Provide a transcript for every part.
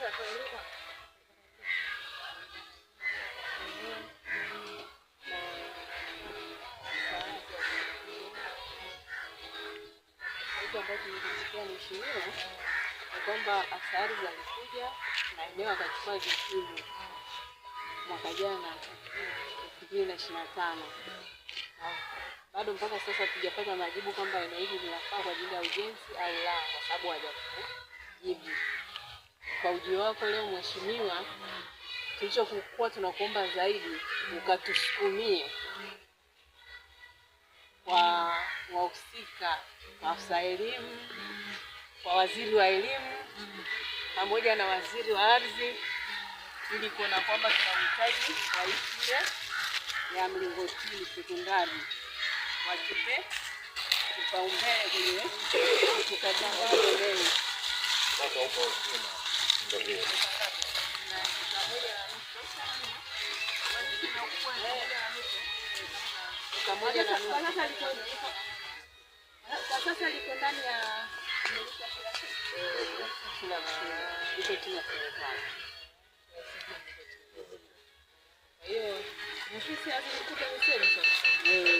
Tulisikia mheshimiwa ni kwamba askari zalikuja na eneo akachukua vipimo mwaka jana elfu mbili na ishirini na tano. Bado mpaka sasa tujapata majibu kwamba eneo hili linafaa kwa ajili ya ujenzi au la, kwa sababu hawajajibu kwa ujio wako leo mheshimiwa, tulichokuwa tunakuomba zaidi ukatusukumie kwa wahusika, maafisa elimu, kwa waziri wa elimu pamoja na waziri wa ardhi, ili kuona kwamba tunahitaji waishule ya mlingotini sekondari wakipe kipaumbele kwenye tukajangalo leo historia. Kwa hiyo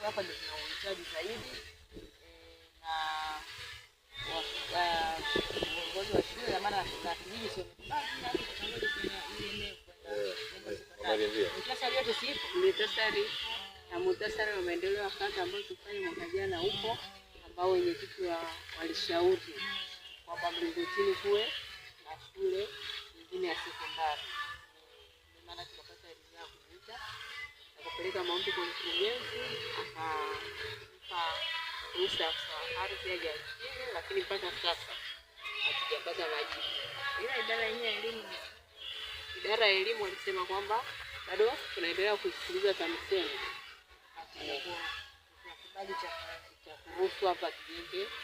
sababu hapa ndio tuna uhitaji zaidi na viongozi wa shule maana ah, na kijiji sio Muhtasari na muhtasari wa maendeleo ya kata ambayo tulifanya mwaka jana huko, ambao wenyekiti wa walishauri kwamba Mlingotini kuwe na shule nyingine ya sekondari. Ndio maana tukapata ridhaa ya kuvuta na kupeleka maombi kwa mkurugenzi kuhusu afisa wa ardhi ya nchini, lakini mpaka sasa hatujapata majibu. Ila idara yenyewe ya elimu, idara ya elimu walisema kwamba bado tunaendelea kuisikiliza TAMISEMI, hatujapata kibali cha kuruhusu hapa kijenge.